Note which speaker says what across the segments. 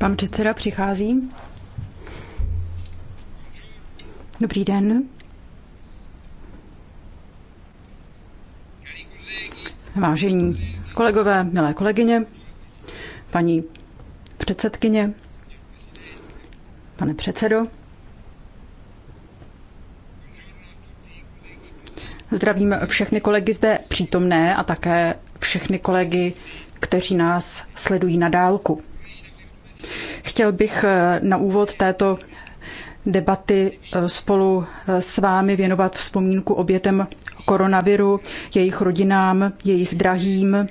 Speaker 1: Pan předseda přichází. Dobrý den. Vážení kolegové, milé kolegyně, paní předsedkyně, pane předsedo, Zdravíme všechny kolegy zde přítomné a také všechny kolegy, kteří nás sledují na dálku. Chtěl bych eh, na úvod této debaty eh, spolu eh, s vámi věnovat vzpomínku obětem koronaviru, jejich rodinám, jejich drahým.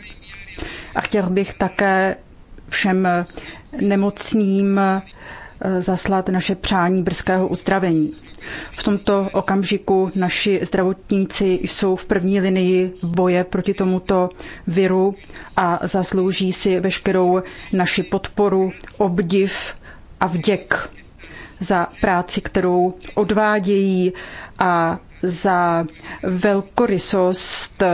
Speaker 1: A chtěl bych také všem nemocným Eh, zaslat naše přání brzkého uzdravení. V tomto okamžiku naši zdravotníci jsou v první linii boje proti tomuto viru a zaslouží si veškerou naši podporu, obdiv a vděk za práci, kterou odvádějí a za velkorysost eh,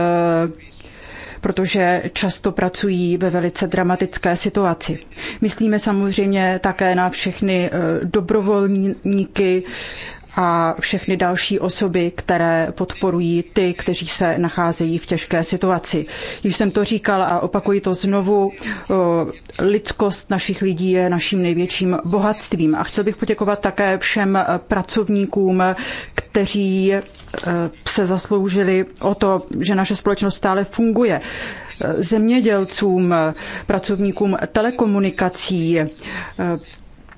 Speaker 1: protože často pracují ve velice dramatické situaci. Myslíme samozřejmě také na všechny eh, dobrovolníky, a všechny další osoby, které podporují ty, kteří se nacházejí v těžké situaci. Již jsem to říkal a opakuji to znovu, eh, lidskost našich lidí je naším největším bohatstvím a chtěl bych poděkovat také všem eh, pracovníkům, kteří Eh, se zasloužili o to, že naše společnost stále funguje. Eh, zemědělcům, eh, pracovníkům telekomunikací,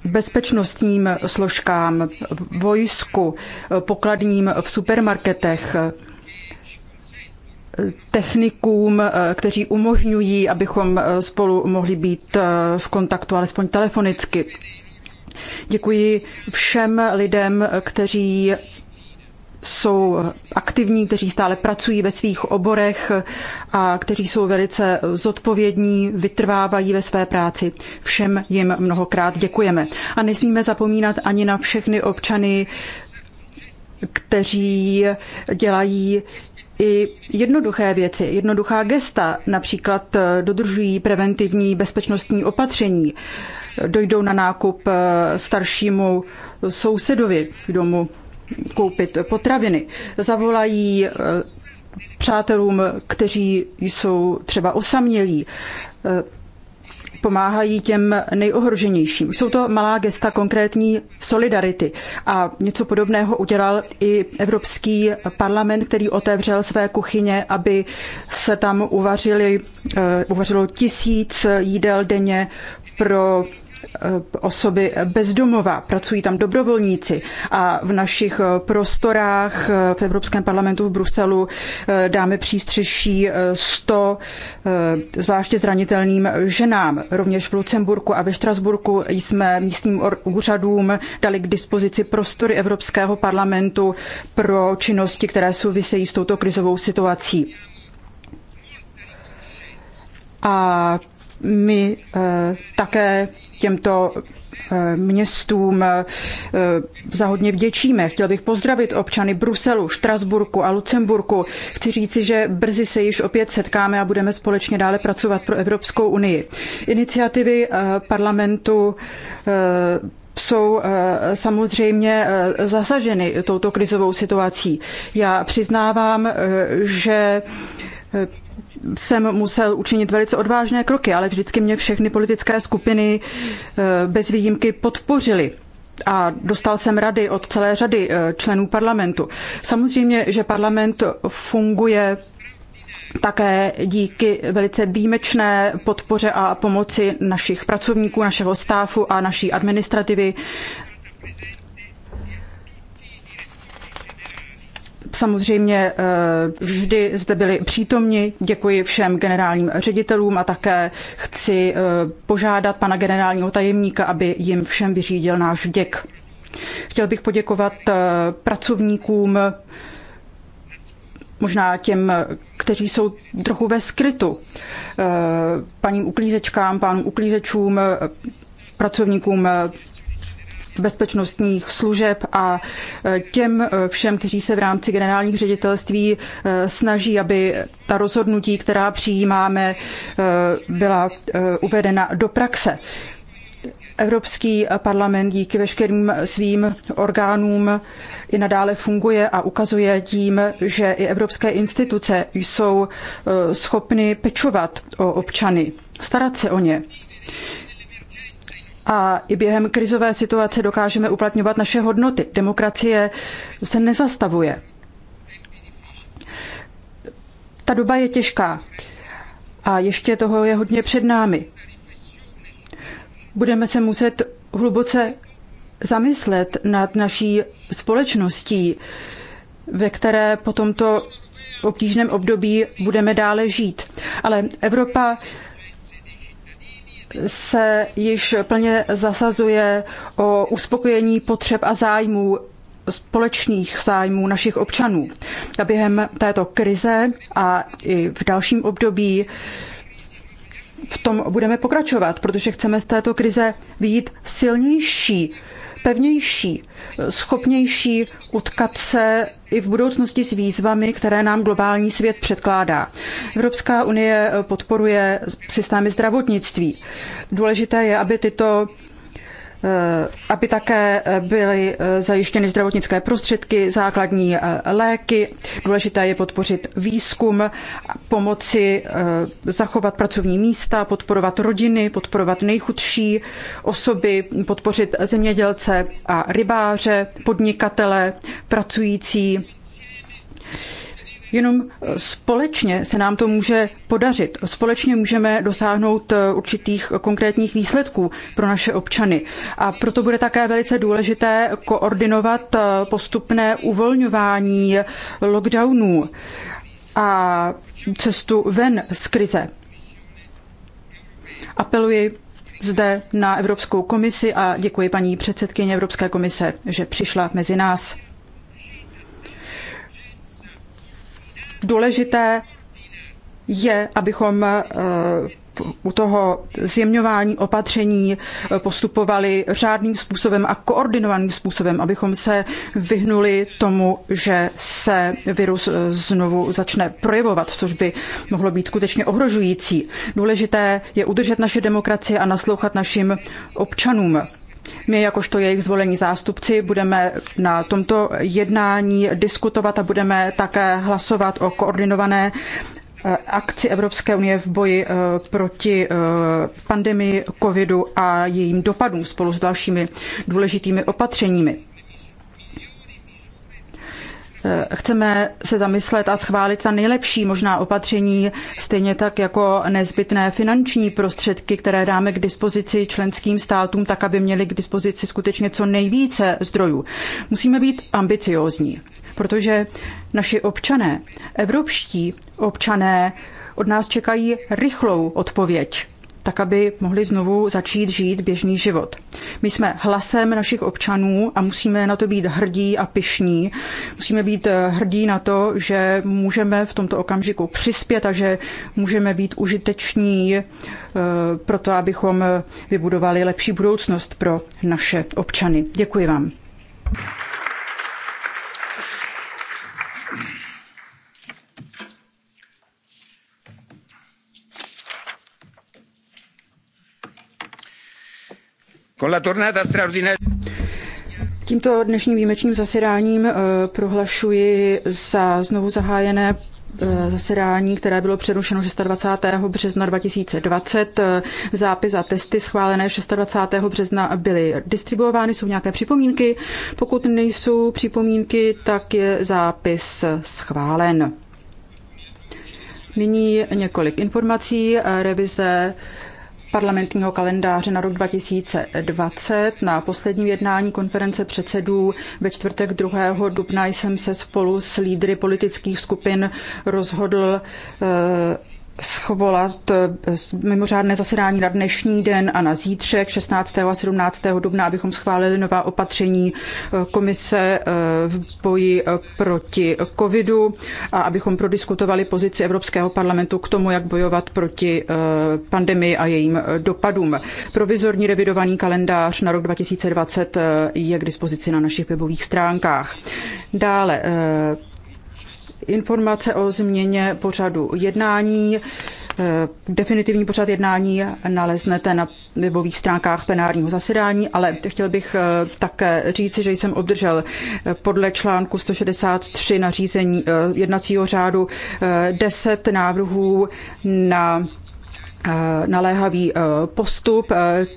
Speaker 1: bezpečnostním složkám, vojsku, pokladním v supermarketech, technikům, kteří umožňují, abychom spolu mohli být v kontaktu alespoň telefonicky. Děkuji všem lidem, kteří jsou aktivní, kteří stále pracují ve svých oborech a kteří jsou velice zodpovědní, vytrvávají ve své práci. Všem jim mnohokrát děkujeme. A nesmíme zapomínat ani na všechny občany, kteří dělají i jednoduché věci, jednoduchá gesta, například dodržují preventivní bezpečnostní opatření, dojdou na nákup staršímu sousedovi, k domu koupit potraviny. Zavolají eh, přátelům, kteří jsou třeba osamělí, eh, pomáhají těm nejohroženějším. Jsou to malá gesta konkrétní solidarity. A něco podobného udělal i Evropský parlament, který otevřel své kuchyně, aby se tam uvařili, eh, uvařilo tisíc jídel denně pro Eh, osoby bezdomova, pracují tam dobrovolníci a v našich eh, prostorách eh, v Evropském parlamentu v Bruselu dáme přístřeší 100 zvláště zranitelným ženám. Rovněž v Lucemburku a ve Štrasburku jsme místním úřadům dali k dispozici prostory Evropského parlamentu pro činnosti, které souvisejí s touto krizovou situací. A my eh, také těmto eh, městům eh, za hodně vděčíme. Chtěl bych pozdravit občany Bruselu, Štrasburku a Lucemburku. Chci říci, že brzy se již opět setkáme a budeme společně dále pracovat pro Evropskou unii. Iniciativy parlamentu jsou samozřejmě zasaženy touto krizovou situací. Já přiznávám, že jsem musel učinit velice odvážné kroky, ale vždycky mě všechny politické skupiny eh, bez výjimky podpořily a dostal jsem rady od celé řady eh, členů parlamentu. Samozřejmě, že parlament funguje také díky velice výjimečné podpoře a pomoci našich pracovníků, našeho stáfu a naší administrativy Samozřejmě eh, vždy zde byli přítomni. Děkuji všem generálním ředitelům a také chci eh, požádat pana generálního tajemníka, aby jim všem vyřídil náš vděk. Chtěl bych poděkovat eh, pracovníkům, možná těm, kteří jsou trochu ve skrytu, paním uklízečkám, pánům uklízečům, pracovníkům bezpečnostních služeb a e, těm e, všem, kteří se v rámci generálních ředitelství e, snaží, aby ta rozhodnutí, která přijímáme, byla uvedena do praxe. Evropský parlament díky veškerým svým orgánům i nadále funguje a ukazuje tím, že i evropské instituce jsou schopny pečovat o občany, starat se o ně a i během krizové situace dokážeme uplatňovat naše hodnoty. Demokracie se nezastavuje. Ta doba je těžká a ještě toho je hodně před námi. Budeme se muset hluboce zamyslet nad naší společností, ve které po tomto obtížném období budeme dále žít. Ale Evropa se již plně zasazuje o uspokojení potřeb a zájmů společných zájmů našich občanů. A během této krize a i v dalším období v tom budeme pokračovat, protože chceme z této krize vyjít silnější pevnější, schopnější utkat se i v budoucnosti s výzvami, které nám globální svět předkládá. Evropská unie podporuje systémy zdravotnictví. Důležité je, aby tyto Eh, aby také eh, byly eh, zajištěny zdravotnické prostředky, základní léky. Důležité je podpořit výzkum, pomoci zachovat pracovní místa, podporovat rodiny, podporovat nejchudší osoby, podpořit zemědělce a rybáře, podnikatele, pracující Jenom eh, společně se nám to může podařit. Společně můžeme dosáhnout eh, určitých konkrétních výsledků pro naše občany. A proto bude také velice důležité koordinovat eh, postupné uvolňování lockdownů a cestu ven z krize. Apeluji zde na Evropskou komisi a děkuji paní předsedkyně Evropské komise, že přišla mezi nás. důležité je, abychom eh, u toho zjemňování opatření eh, postupovali řádným způsobem a koordinovaným způsobem, abychom se vyhnuli tomu, že se virus eh, znovu začne projevovat, což by mohlo být skutečně ohrožující. Důležité je udržet naše demokracie a naslouchat našim občanům. My jakožto jejich zvolení zástupci budeme na tomto jednání diskutovat a budeme také hlasovat o koordinované eh, akci Evropské unie v boji eh, proti eh, pandemii covidu a jejím dopadům spolu s dalšími důležitými opatřeními. Eh, chceme se zamyslet a schválit ta nejlepší možná opatření, stejně tak jako nezbytné finanční prostředky, které dáme k dispozici členským státům, tak aby měli k dispozici skutečně co nejvíce zdrojů. Musíme být ambiciózní, protože naši občané, evropští občané, od nás čekají rychlou odpověď tak aby mohli znovu začít žít běžný život. My jsme hlasem našich občanů a musíme na to být hrdí a pišní. Musíme být eh, hrdí na to, že můžeme v tomto okamžiku přispět a že můžeme být užiteční eh, pro to, abychom eh, vybudovali lepší budoucnost pro naše občany. Děkuji vám. Tímto dnešním výjimečným zasedáním eh, prohlašuji za znovu zahájené eh, zasedání, které bylo přerušeno 26. března 2020. Eh, zápis a testy schválené 26. března byly distribuovány. Jsou nějaké připomínky? Pokud nejsou připomínky, tak je zápis schválen. Nyní několik informací. Revize parlamentního kalendáře na rok 2020. Na poslední jednání konference předsedů ve čtvrtek 2. dubna jsem se spolu s lídry politických skupin rozhodl eh, schovolat eh, mimořádné zasedání na dnešní den a na zítřek 16. a 17. dubna, abychom schválili nová opatření eh, komise eh, v boji proti covidu a abychom prodiskutovali pozici Evropského parlamentu k tomu, jak bojovat proti pandemii a jejím dopadům. Provizorní revidovaný kalendář na rok 2020 je k dispozici na našich webových stránkách. Dále informace o změně pořadu jednání. Eh, definitivní pořad jednání naleznete na webových stránkách plenárního zasedání, ale chtěl bych eh, také říci, že jsem obdržel eh, podle článku 163 nařízení jednacího řádu 10 návrhů na naléhavý postup.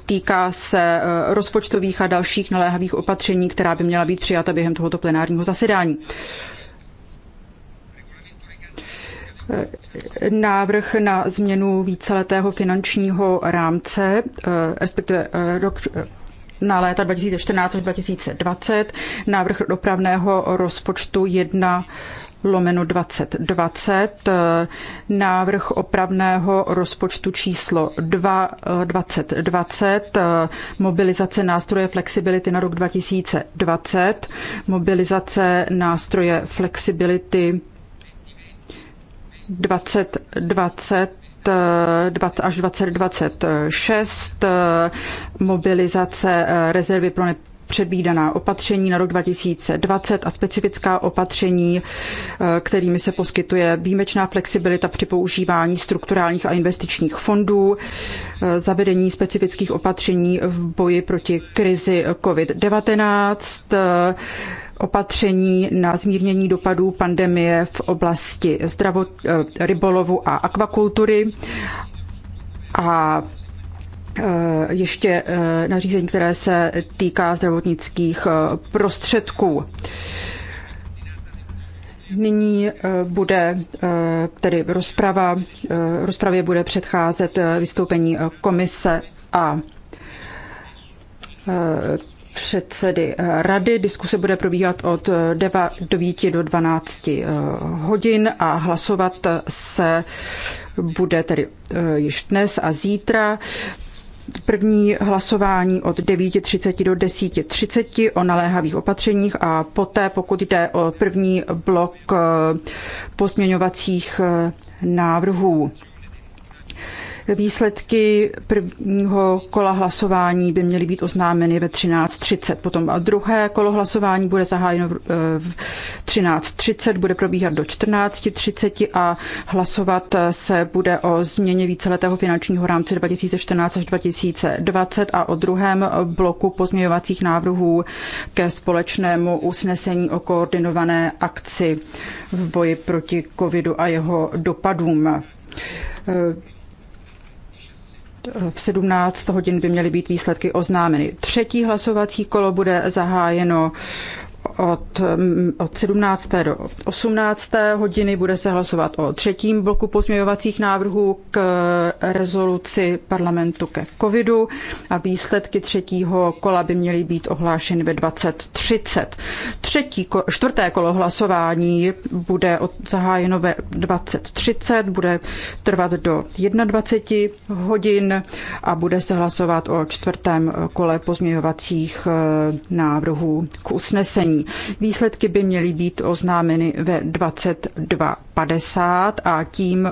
Speaker 1: Týká se rozpočtových a dalších naléhavých opatření, která by měla být přijata během tohoto plenárního zasedání návrh na změnu víceletého finančního rámce, eh, respektive eh, rok eh, na léta 2014 až 2020, návrh dopravného rozpočtu 1 lomeno 2020, návrh opravného rozpočtu číslo 2 2020, mobilizace nástroje flexibility na rok 2020, mobilizace nástroje flexibility 2020 20 až 2026, eh, mobilizace eh, rezervy pro předvídaná opatření na rok 2020 a specifická opatření, eh, kterými se poskytuje výjimečná flexibilita při používání strukturálních a investičních fondů, zavedení specifických opatření v boji proti krizi COVID-19, opatření na zmírnění dopadů pandemie v oblasti zdravot, eh, rybolovu a akvakultury a eh, ještě eh, nařízení, které se týká zdravotnických prostředků. Nyní bude tedy rozprava, rozpravě bude předcházet vystoupení komise a předsedy eh, rady. Diskuse bude probíhat od 9 eh, do 12 eh, hodin a hlasovat se bude tedy již dnes a zítra. První hlasování od 9.30 do 10.30 o naléhavých opatřeních a poté, pokud jde o první blok pozměňovacích návrhů. Výsledky prvního kola hlasování by měly být oznámeny ve 13.30. Potom druhé kolo hlasování bude zahájeno v 13.30, eh, bude probíhat do 14.30 a hlasovat se bude o změně víceletého finančního rámce 2014 až 2020 a o druhém bloku pozměňovacích návrhů ke společnému usnesení o koordinované akci v boji proti covidu a jeho dopadům. Eh, v 17 hodin by měly být výsledky oznámeny. Třetí hlasovací kolo bude zahájeno od, mm, od 17. do 18. hodiny. Bude se hlasovat o třetím bloku pozměňovacích návrhů k rezoluci parlamentu ke covidu a výsledky třetího kola by měly být ohlášeny ve 20.30. Třetí, čtvrté kolo hlasování bude od, zahájeno ve 20.30, bude trvat do 21 hodin a bude se hlasovat o čtvrtém kole pozměňovacích eh, návrhů k usnesení. Výsledky by měly být oznámeny ve 22.50 a tím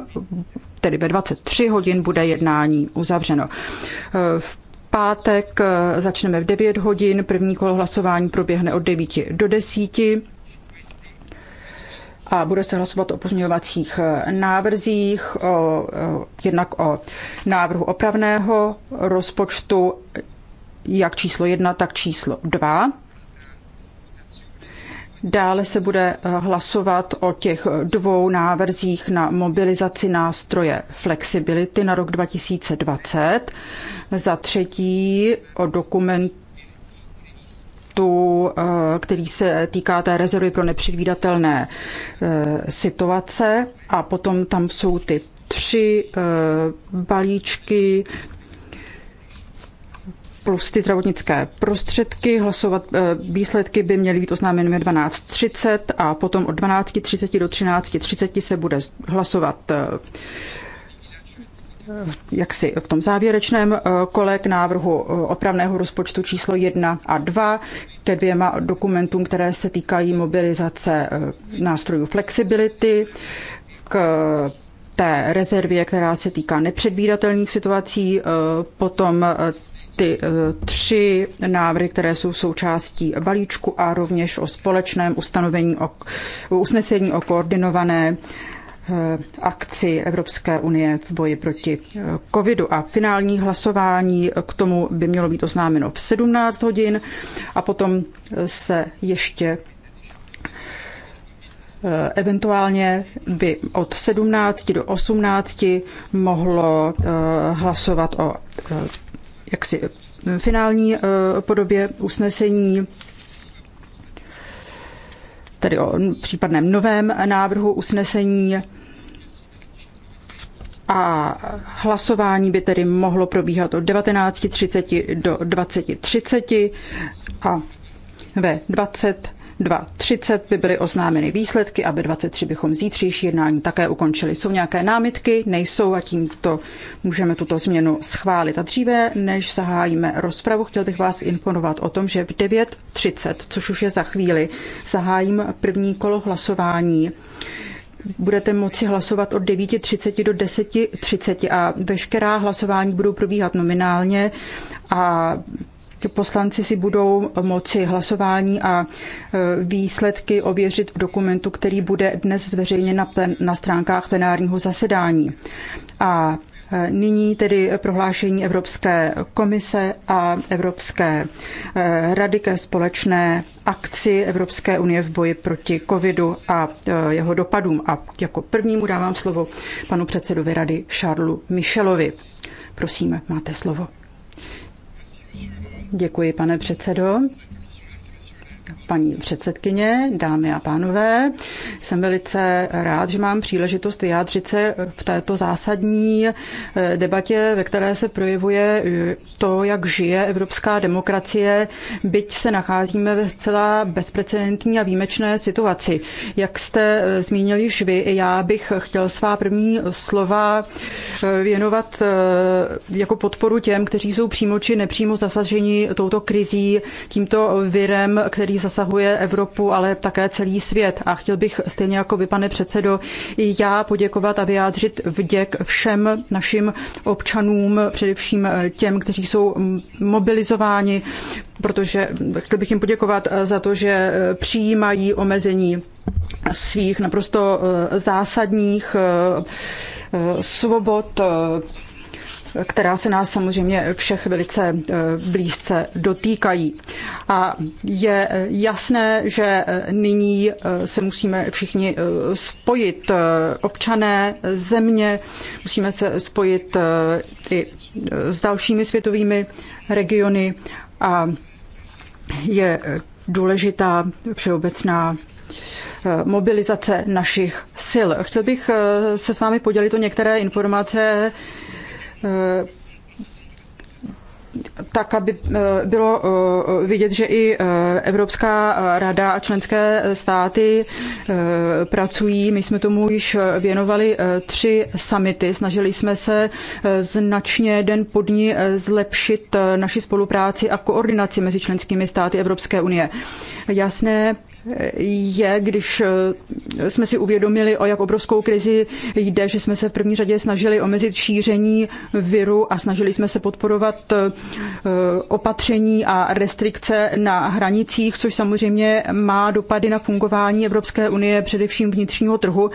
Speaker 1: tedy ve 23 hodin bude jednání uzavřeno. V pátek začneme v 9 hodin, první kolo hlasování proběhne od 9 do 10 a bude se hlasovat o pozměňovacích návrzích, o, jednak o návrhu opravného rozpočtu, jak číslo 1, tak číslo 2. Dále se bude eh, hlasovat o těch dvou návrzích na mobilizaci nástroje flexibility na rok 2020. Za třetí o dokumentu, eh, který se týká té rezervy pro nepředvídatelné eh, situace. A potom tam jsou ty tři balíčky plus ty zdravotnické prostředky. Hlasovat eh, výsledky by měly být oznámeny 12.30 a potom od 12.30 do 13.30 se bude hlasovat eh, jaksi v tom závěrečném eh, kole k návrhu opravného rozpočtu číslo 1 a 2 ke dvěma dokumentům, které se týkají mobilizace nástrojů flexibility, k té rezervě, která se týká nepředvídatelných situací, potom ty eh, tři návrhy, které jsou součástí balíčku a rovněž o společném ustanovení o, usnesení o koordinované eh, akci Evropské unie v boji proti eh, covidu a finální hlasování k tomu by mělo být oznámeno v 17 hodin a potom se ještě Eventuálně by od 17 do 18 mohlo hlasovat o jaksi eh, finální eh, podobě usnesení tedy o případném novém návrhu usnesení a hlasování by tedy mohlo probíhat od 19.30 do 20.30 a ve 20 2.30 by byly oznámeny výsledky a ve 23 bychom zítřejší jednání také ukončili. Jsou nějaké námitky? Nejsou a tímto můžeme tuto změnu schválit. A dříve, než zahájíme rozpravu, chtěl bych vás informovat o tom, že v 9.30, což už je za chvíli, zahájím první kolo hlasování budete moci hlasovat od 9.30 do 10.30 a veškerá hlasování budou probíhat nominálně a že poslanci si budou moci hlasování a e, výsledky ověřit v dokumentu, který bude dnes zveřejněn na, plen, na stránkách plenárního zasedání. A e, Nyní tedy prohlášení Evropské komise a Evropské e, rady ke společné akci Evropské unie v boji proti covidu a jeho dopadům. A jako prvnímu dávám slovo panu předsedovi rady Charlesu Michelovi. Prosím, máte slovo. Děkuji, pane předsedo. Paní předsedkyně, dámy a pánové, jsem velice rád, že mám příležitost vyjádřit se v této zásadní eh, debatě, ve které se projevuje eh, to, jak žije evropská demokracie, byť se nacházíme ve zcela bezprecedentní a výjimečné situaci. Jak jste eh, zmínili již vy, já bych chtěl svá první slova věnovat jako podporu těm, kteří jsou přímo či nepřímo zasaženi touto krizí, tímto virem, který zasahuje Evropu, ale také celý svět. A chtěl bych stejně jako vy, pane předsedo, i já poděkovat a vyjádřit vděk všem našim občanům, především těm, kteří jsou mobilizováni, protože chtěl bych jim poděkovat za to, že přijímají omezení svých naprosto zásadních eh, svobod eh, která se nás samozřejmě všech velice eh, blízce dotýkají. A je jasné, že eh, nyní eh, se musíme všichni spojit občané země, musíme se spojit i s dalšími světovými regiony a je důležitá všeobecná mobilizace našich sil. Chtěl bych se s vámi podělit o některé informace, Eh, tak, aby eh, bylo eh, vidět, že i Evropská rada a členské státy pracují. My jsme tomu již věnovali tři samity. Snažili jsme se značně den po dní zlepšit naši spolupráci a koordinaci mezi členskými státy Evropské unie. Jasné je, když eh, jsme si uvědomili, o jak obrovskou krizi jde, že jsme se v první řadě snažili omezit šíření viru a snažili jsme se podporovat eh, opatření a restrikce na hranicích, což samozřejmě má dopady na fungování Evropské unie, především vnitřního trhu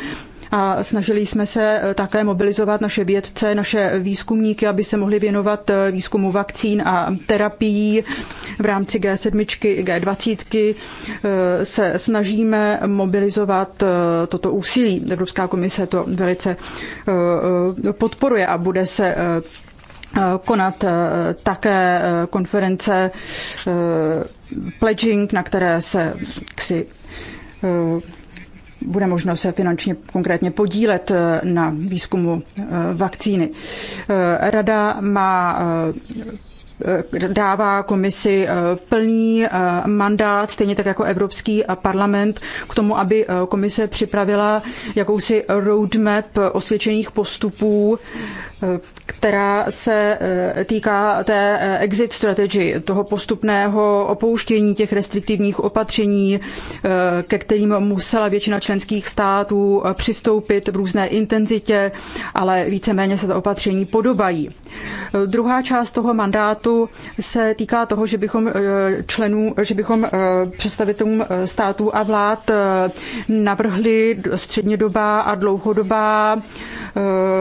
Speaker 1: a snažili jsme se eh, také mobilizovat naše vědce, naše výzkumníky, aby se mohli věnovat eh, výzkumu vakcín a terapií. V rámci G7, G20 eh, se snažíme mobilizovat toto úsilí. Evropská komise to velice podporuje a bude se konat také konference pledging, na které se bude možno se finančně konkrétně podílet eh, na výzkumu eh, vakcíny. Eh, Rada má dává komisi plný mandát, stejně tak jako Evropský parlament, k tomu, aby komise připravila jakousi roadmap osvědčených postupů která se eh, týká té eh, exit strategy, toho postupného opouštění těch restriktivních opatření, eh, ke kterým musela většina členských států přistoupit v různé intenzitě, ale víceméně se ta opatření podobají. Druhá část toho mandátu se týká toho, že bychom členů, že bychom představitelům států a vlád navrhli střednědobá a dlouhodobá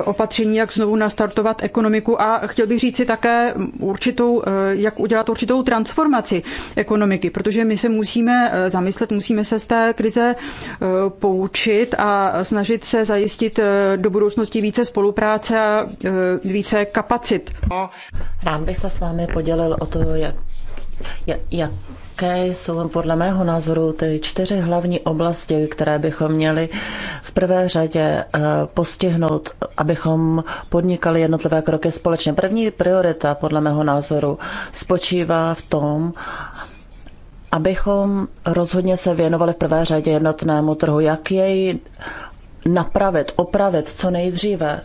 Speaker 1: opatření, jak znovu nastartovat udělat ekonomiku a chtěl bych říct si také určitou, eh, jak udělat určitou transformaci ekonomiky, protože my se musíme eh, zamyslet, musíme se z té krize eh, poučit a snažit se zajistit do budoucnosti více spolupráce a
Speaker 2: více kapacit. Rád bych se s vámi podělil o to, jak, jak, jak jaké jsou podle mého názoru ty čtyři hlavní oblasti, které bychom měli v prvé řadě eh, postihnout, abychom podnikali jednotlivé kroky společně. První priorita podle mého názoru spočívá v tom, abychom rozhodně se věnovali v prvé řadě jednotnému trhu, jak jej napravit, opravit co nejdříve.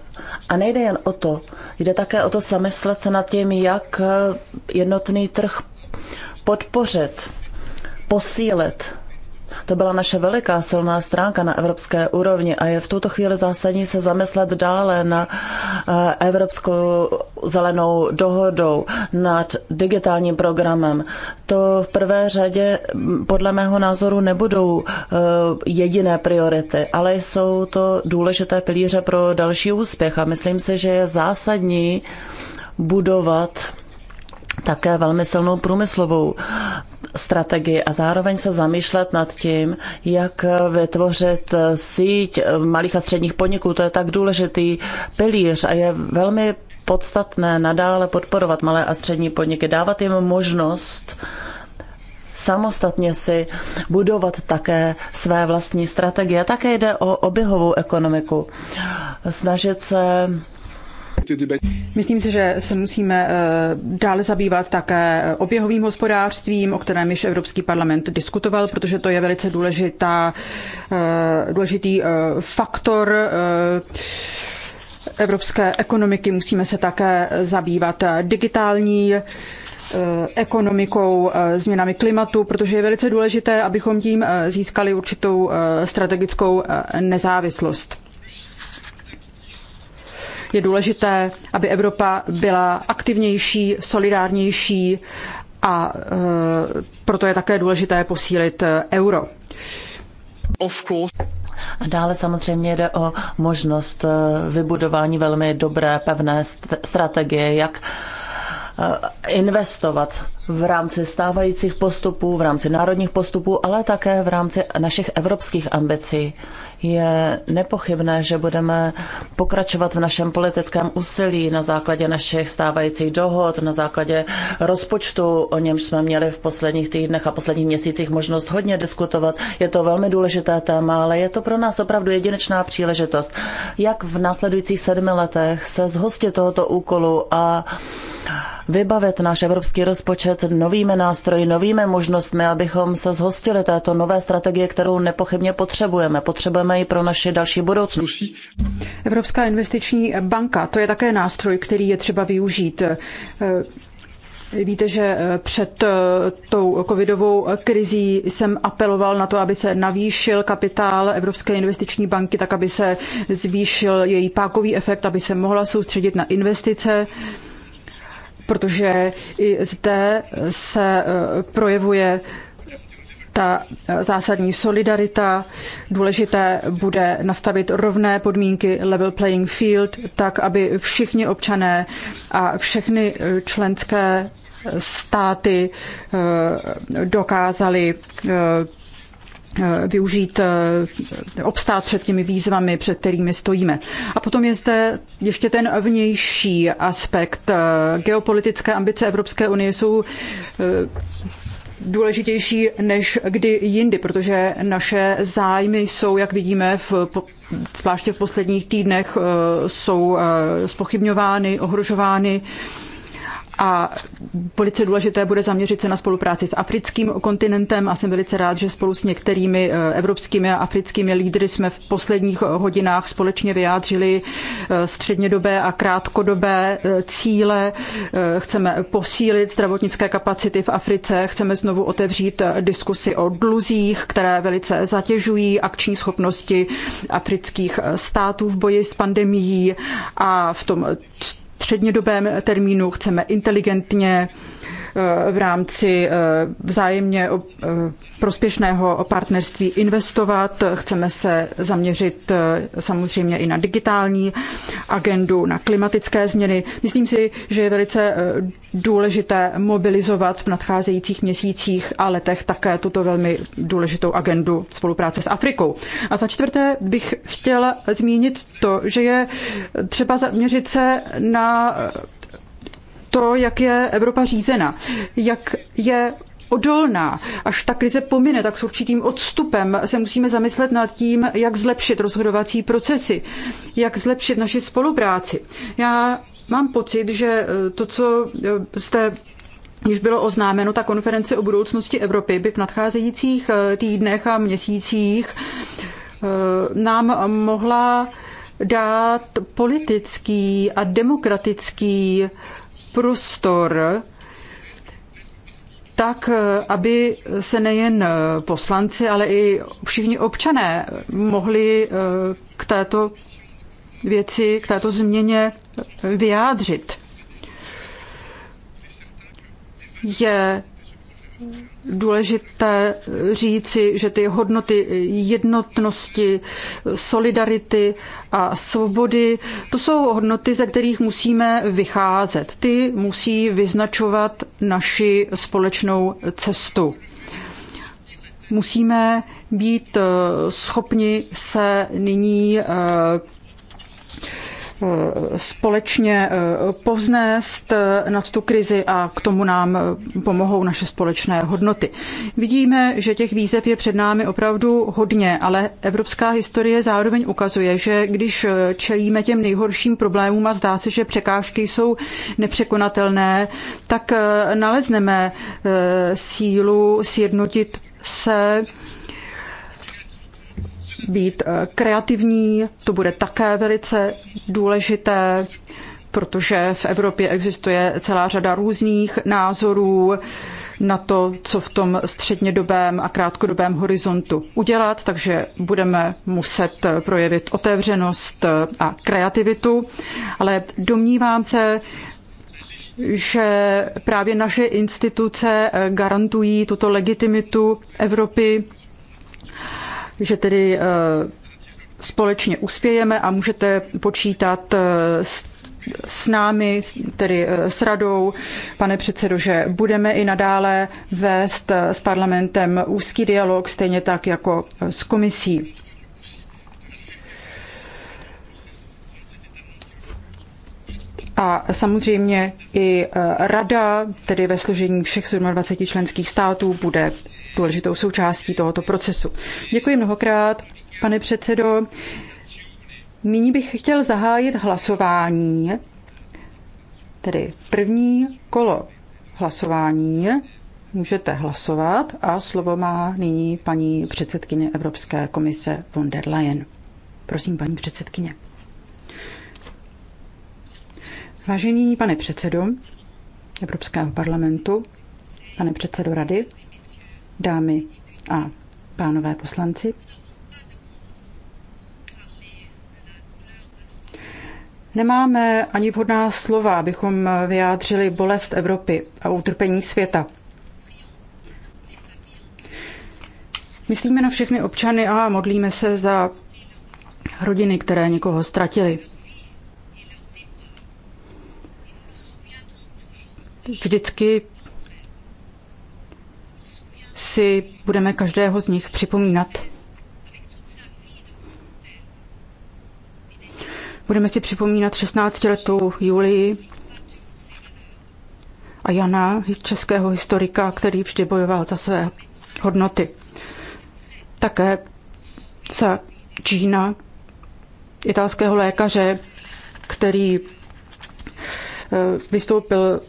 Speaker 2: A nejde jen o to, jde také o to samyslet se nad tím, jak jednotný trh podpořit, posílit. To byla naše veliká silná stránka na evropské úrovni a je v tuto chvíli zásadní se zamyslet dále na eh, evropskou zelenou dohodou, nad digitálním programem. To v prvé řadě mm, podle mého názoru nebudou eh, jediné priority, ale jsou to důležité pilíře pro další úspěch a myslím si, že je zásadní budovat také velmi silnou průmyslovou strategii a zároveň se zamýšlet nad tím, jak vytvořit síť malých a středních podniků. To je tak důležitý pilíř a je velmi podstatné nadále podporovat malé a střední podniky, dávat jim možnost samostatně si budovat také své vlastní strategie. Také jde o oběhovou ekonomiku. Snažit se
Speaker 1: Myslím si, že se musíme eh, dále zabývat také oběhovým hospodářstvím, o kterém již Evropský parlament diskutoval, protože to je velice důležitá, eh, důležitý eh, faktor evropské ekonomiky. Musíme se také zabývat digitální ekonomikou, změnami klimatu, protože je velice důležité, abychom tím získali určitou strategickou nezávislost. Je důležité, aby Evropa byla aktivnější, solidárnější a e, proto je také důležité posílit euro.
Speaker 2: A dále samozřejmě jde o možnost e, vybudování velmi dobré, pevné strategie, jak e, investovat v rámci stávajících postupů, v rámci národních postupů, ale také v rámci našich evropských ambicí. Je nepochybné, že budeme pokračovat v našem politickém úsilí na základě našich stávajících dohod, na základě rozpočtu, o němž jsme měli v posledních týdnech a posledních měsících možnost hodně diskutovat. Je to velmi důležité téma, ale je to pro nás opravdu jedinečná příležitost, jak v následujících sedmi letech se zhostit tohoto úkolu a vybavit náš evropský rozpočet před novými nástroji, novými možnostmi, abychom se zhostili této nové strategie, kterou nepochybně potřebujeme. Potřebujeme ji pro naše další budoucnost. Evropská investiční banka, to je také
Speaker 1: nástroj, který je třeba využít. Eh, víte, že eh, před eh, tou covidovou krizí jsem apeloval na to, aby se navýšil kapitál Evropské investiční banky, tak aby se zvýšil její pákový efekt, aby se mohla soustředit na investice protože i zde se e, projevuje ta e, zásadní solidarita. Důležité bude nastavit rovné podmínky level playing field, tak aby všichni občané a všechny e, členské státy dokázali Eh, využít, eh, obstát před těmi výzvami, před kterými stojíme. A potom je zde ještě ten vnější aspekt. Eh, geopolitické ambice Evropské unie jsou důležitější než kdy jindy, protože naše zájmy jsou, jak vidíme, v, zvláště v posledních týdnech, jsou spochybňovány, ohrožovány a velice důležité bude zaměřit se na spolupráci s africkým kontinentem a jsem velice rád, že spolu s některými eh, evropskými a africkými lídry jsme v posledních eh, hodinách společně vyjádřili eh, střednědobé a krátkodobé cíle. Chceme posílit zdravotnické kapacity v Africe, chceme znovu otevřít diskusy o dluzích, které velice zatěžují akční schopnosti afrických států v boji s pandemií a v tom střednědobém termínu chceme inteligentně v rámci eh, vzájemně eh, prospěšného partnerství investovat. Chceme se zaměřit eh, samozřejmě i na digitální agendu, na klimatické změny. Myslím si, že je velice důležité mobilizovat v nadcházejících měsících a letech také tuto velmi důležitou agendu spolupráce s Afrikou. A za čtvrté bych chtěla zmínit to, že je třeba zaměřit se na to, jak je Evropa řízena, jak je odolná. Až ta krize pomine, tak s určitým odstupem se musíme zamyslet nad tím, jak zlepšit rozhodovací procesy, jak zlepšit naši spolupráci. Já mám pocit, že eh, to, co eh, jste Již bylo oznámeno, ta konference o budoucnosti Evropy by v nadcházejících eh, týdnech a měsících nám mohla dát politický a demokratický prostor tak, aby se nejen poslanci, ale i všichni občané mohli eh, k této věci, k této změně vyjádřit. Je důležité říci, že ty hodnoty jednotnosti, solidarity a svobody, to jsou hodnoty, ze kterých musíme vycházet. Ty musí vyznačovat naši společnou cestu. Musíme být eh, schopni se nyní eh, Eh, společně eh, povznést eh, nad tu krizi a k tomu nám pomohou naše společné hodnoty. Vidíme, že těch výzev je před námi opravdu hodně, ale evropská historie zároveň ukazuje, že když čelíme těm nejhorším problémům a zdá se, že překážky jsou nepřekonatelné, tak nalezneme sílu sjednotit se být eh, kreativní, to bude také velice důležité, protože v Evropě existuje celá řada různých názorů na to, co v tom střednědobém a krátkodobém horizontu udělat, takže budeme muset projevit otevřenost a kreativitu, ale domnívám se, že právě naše instituce eh, garantují tuto legitimitu Evropy že tedy eh, společně uspějeme a můžete počítat eh, s s námi, tedy eh, s radou, pane předsedo, že budeme i nadále vést s parlamentem úzký dialog, stejně tak jako s komisí. A samozřejmě i rada, tedy ve složení všech 27 členských států, bude důležitou součástí tohoto procesu. Děkuji mnohokrát, pane předsedo. Nyní bych chtěl zahájit hlasování, tedy první kolo hlasování. Můžete hlasovat a slovo má nyní paní předsedkyně Evropské komise von der Leyen. Prosím, paní předsedkyně. Vážený pane předsedo Evropského parlamentu, pane předsedo rady, dámy a pánové poslanci. Nemáme ani vhodná slova, abychom vyjádřili bolest Evropy a utrpení světa. Myslíme na všechny občany a modlíme se za rodiny, které někoho ztratili. Vždycky si budeme každého z nich připomínat. Budeme si připomínat 16-letou Julii a Jana, českého historika, který vždy bojoval za své hodnoty. Také za Gina, italského lékaře, který eh, vystoupil,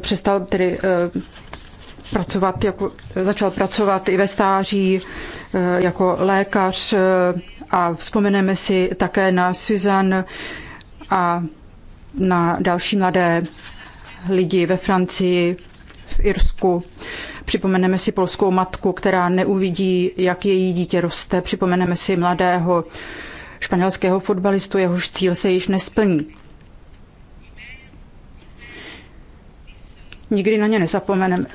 Speaker 1: přestal tedy eh, pracovat jako, začal pracovat i ve stáří e, jako lékař e, a vzpomeneme si také na Suzanne a na další mladé lidi ve Francii, v Irsku. Připomeneme si polskou matku, která neuvidí, jak její dítě roste. Připomeneme si mladého španělského fotbalistu, jehož cíl se již nesplní. Nikdy na ně nezapomeneme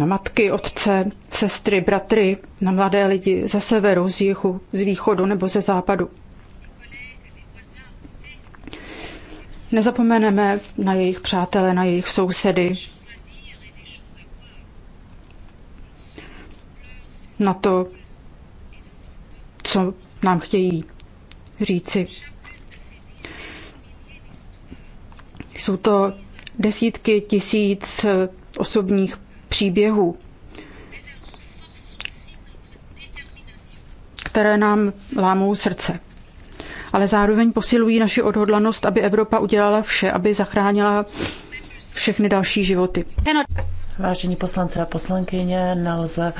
Speaker 1: na matky, otce, sestry, bratry, na mladé lidi ze severu, z jihu, z východu nebo ze západu. Nezapomeneme na jejich přátele, na jejich sousedy, na to, co nám chtějí říci. Jsou to desítky tisíc osobních příběhů, které nám lámou srdce. Ale zároveň posilují naši odhodlanost, aby Evropa udělala vše, aby zachránila všechny další životy.
Speaker 2: Vážení poslanci a poslankyně, nelze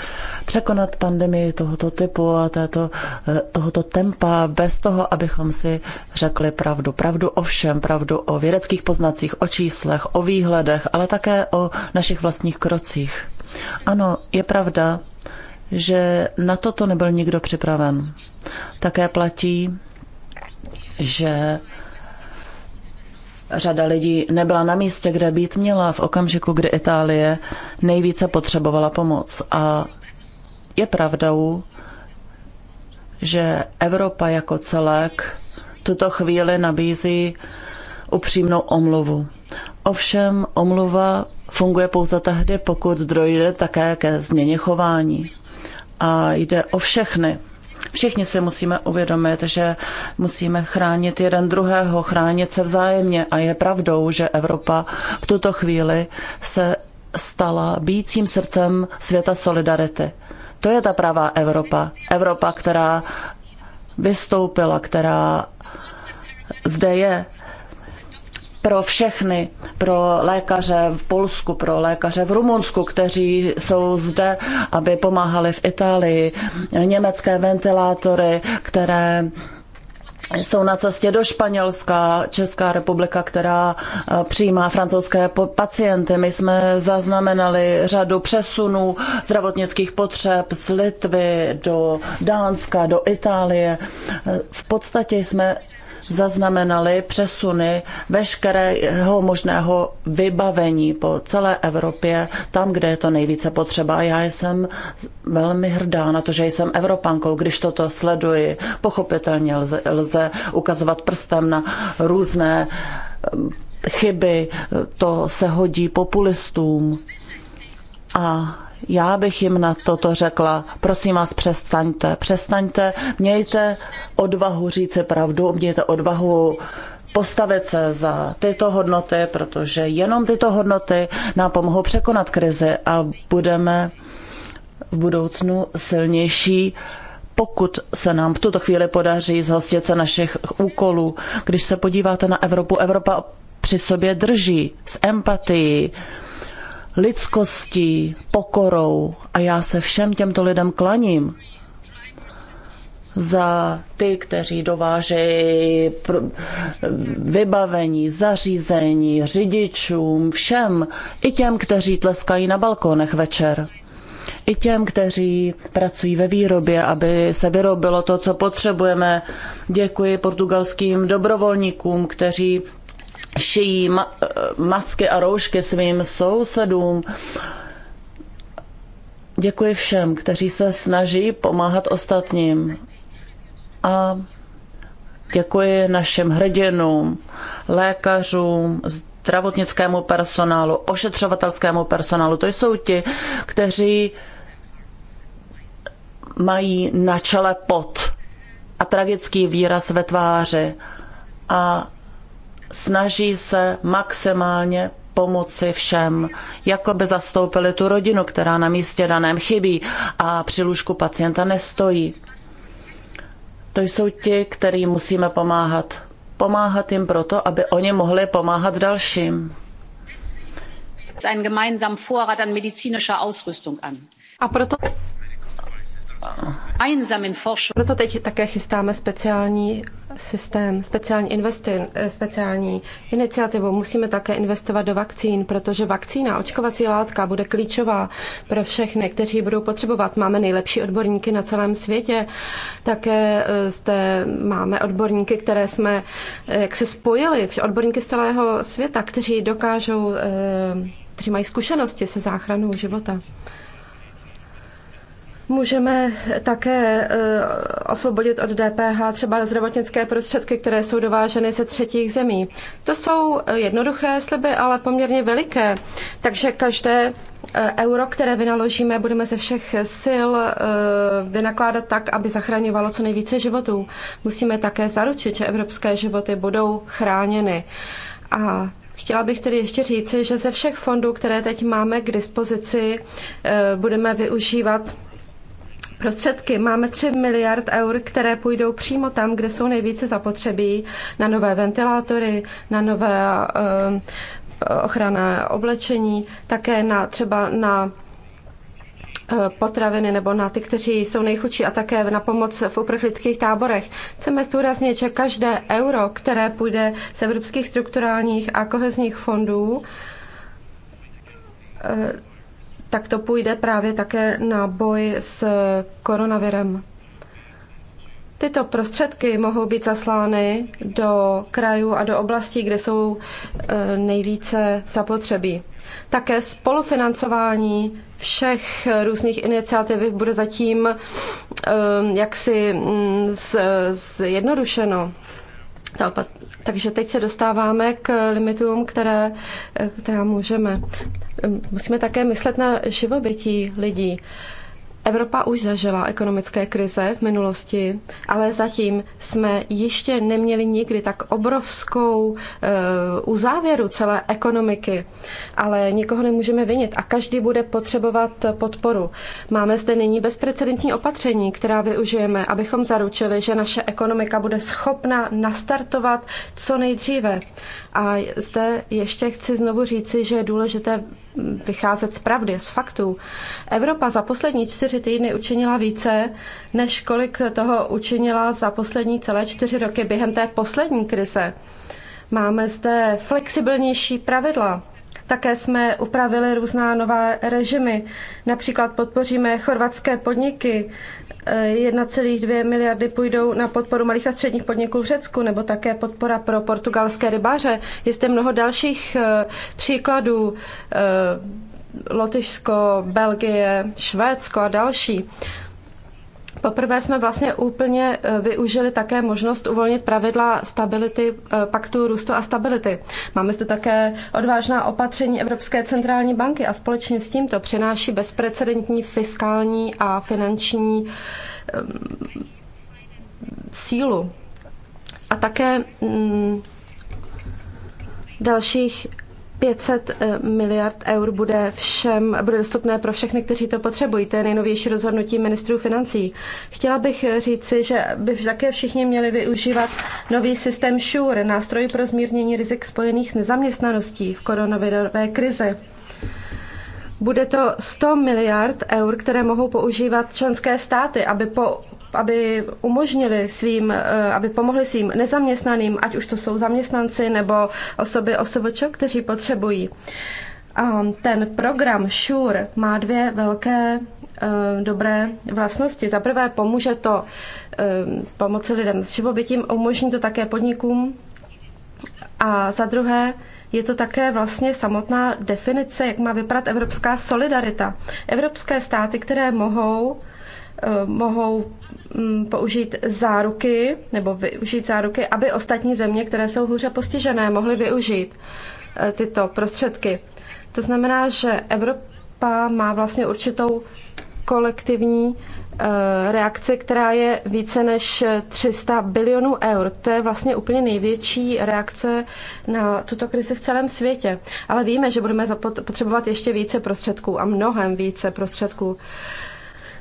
Speaker 2: překonat pandemii tohoto typu a této, eh, tohoto tempa bez toho, abychom si řekli pravdu. Pravdu o všem, pravdu o vědeckých poznacích, o číslech, o výhledech, ale také o našich vlastních krocích. Ano, je pravda, že na toto nebyl nikdo připraven. Také platí, že Řada lidí nebyla na místě, kde být měla v okamžiku, kdy Itálie nejvíce potřebovala pomoc. A je pravdou, že Evropa jako celek tuto chvíli nabízí upřímnou omluvu. Ovšem omluva funguje pouze tehdy, pokud dojde také ke změně chování. A jde o všechny. Všichni si musíme uvědomit, že musíme chránit jeden druhého, chránit se vzájemně. A je pravdou, že Evropa v tuto chvíli se stala bícím srdcem světa solidarity. To je ta pravá Evropa. Evropa, která vystoupila, která zde je pro všechny, pro lékaře v Polsku, pro lékaře v Rumunsku, kteří jsou zde, aby pomáhali v Itálii, německé ventilátory, které jsou na cestě do Španělska, Česká republika, která eh, přijímá francouzské pacienty. My jsme zaznamenali řadu přesunů zdravotnických potřeb z Litvy do Dánska, do Itálie. Eh, v podstatě jsme zaznamenali přesuny veškerého možného vybavení po celé Evropě, tam, kde je to nejvíce potřeba. Já jsem velmi hrdá na to, že jsem Evropankou, když toto sleduji. Pochopitelně lze, lze ukazovat prstem na různé eh, chyby, to se hodí populistům. A já bych jim na toto řekla, prosím vás, přestaňte, přestaňte, mějte odvahu si pravdu, mějte odvahu postavit se za tyto hodnoty, protože jenom tyto hodnoty nám pomohou překonat krizi a budeme v budoucnu silnější, pokud se nám v tuto chvíli podaří zhostit se našich úkolů. Když se podíváte na Evropu, Evropa při sobě drží s empatií, lidskostí, pokorou a já se všem těmto lidem klaním za ty, kteří dovážejí vybavení, zařízení, řidičům, všem, i těm, kteří tleskají na balkonech večer. I těm, kteří pracují ve výrobě, aby se vyrobilo to, co potřebujeme. Děkuji portugalským dobrovolníkům, kteří šijí masky a roušky svým sousedům. Děkuji všem, kteří se snaží pomáhat ostatním. A děkuji našim hrdinům, lékařům, zdravotnickému personálu, ošetřovatelskému personálu. To jsou ti, kteří mají na čele pot a tragický výraz ve tváři. A snaží se maximálně pomoci všem, jako by zastoupili tu rodinu, která na místě daném chybí a při lůžku pacienta nestojí. To jsou ti, kterým musíme pomáhat. Pomáhat jim proto, aby oni mohli pomáhat dalším. A proto
Speaker 3: proto teď také chystáme speciální systém, speciální, investi, speciální iniciativu. Musíme také investovat do vakcín, protože vakcína, očkovací látka bude klíčová pro všechny, kteří budou potřebovat. Máme nejlepší odborníky na celém světě. Také eh, zde máme odborníky, které jsme eh, jak se spojili, odborníky z celého světa, kteří dokážou, eh, kteří mají zkušenosti se záchranou života. Můžeme také eh, osvobodit od DPH třeba zdravotnické prostředky, které jsou dováženy ze třetích zemí. To jsou eh, jednoduché sliby, ale poměrně veliké. Takže každé eh, euro, které vynaložíme, budeme ze všech sil vynakládat tak, aby zachraňovalo co nejvíce životů. Musíme také zaručit, že evropské životy budou chráněny. A Chtěla bych tedy ještě říci, že ze všech fondů, které teď máme k dispozici, budeme využívat prostředky. Máme 3 miliard eur, které půjdou přímo tam, kde jsou nejvíce zapotřebí, na nové ventilátory, na nové ehm, ochranné oblečení, také na třeba na eh, potraviny nebo na ty, kteří jsou nejchudší a také na pomoc v uprchlických táborech. Chceme zdůraznit, že každé euro, které půjde z evropských strukturálních a kohezních fondů, eh, tak to půjde právě také na boj s koronavirem. Tyto prostředky mohou být zaslány do krajů a do oblastí, kde jsou e, nejvíce zapotřebí. Také spolufinancování všech různých iniciativ bude zatím e, jaksi mm, zjednodušeno ta opat- takže teď se dostáváme k limitům, které, která můžeme. Musíme také myslet na živobytí lidí. Uh, Evropa už zažila ekonomické krize v minulosti, ale zatím jsme ještě neměli nikdy tak obrovskou uh, eh, uzávěru celé ekonomiky. Ale nikoho nemůžeme vinit a každý bude potřebovat podporu. Máme zde nyní bezprecedentní opatření, která využijeme, abychom zaručili, že naše ekonomika bude schopna nastartovat co nejdříve. A zde ještě chci znovu říci, že je důležité vycházet z pravdy, z faktů. Evropa za poslední čtyři týdny učinila více, než kolik toho učinila za poslední celé čtyři roky během té poslední krize. Máme zde flexibilnější pravidla. Také jsme upravili různá nová režimy. Například podpoříme chorvatské podniky, 1,2 miliardy půjdou na podporu malých a středních podniků v Řecku, nebo také podpora pro portugalské rybáře. Je zde mnoho dalších eh, příkladů. Eh, Lotyšsko, Belgie, Švédsko a další. Poprvé jsme vlastně úplně eh, využili také možnost uvolnit pravidla stability, eh, paktu růstu a stability. Máme zde také odvážná opatření Evropské centrální banky a společně s tím to přináší bezprecedentní fiskální a finanční ehm, sílu. A také mm, dalších 500 eh, miliard eur bude všem, bude dostupné pro všechny, kteří to potřebují. To je nejnovější rozhodnutí ministrů financí. Chtěla bych eh, říci, že by také všichni měli využívat nový systém SURE, nástroj pro zmírnění rizik spojených s nezaměstnaností v koronavirové krizi. Bude to 100 miliard eur, které mohou používat členské státy, aby po aby umožnili svým, eh, aby pomohli svým nezaměstnaným, ať už to jsou zaměstnanci nebo osoby OSVČ, kteří potřebují. ten program SURE má dvě velké eh, dobré vlastnosti. Za prvé pomůže to eh, pomoci lidem s živobytím, umožní to také podnikům a za druhé je to také vlastně samotná definice, jak má vypadat evropská solidarita. Evropské státy, které mohou Eh, mohou mm, použít záruky nebo využít záruky, aby ostatní země, které jsou hůře postižené, mohly využít eh, tyto prostředky. To znamená, že Evropa má vlastně určitou kolektivní eh, reakce, která je více než 300 bilionů eur. To je vlastně úplně největší reakce na tuto krizi v celém světě. Ale víme, že budeme potřebovat ještě více prostředků a mnohem více prostředků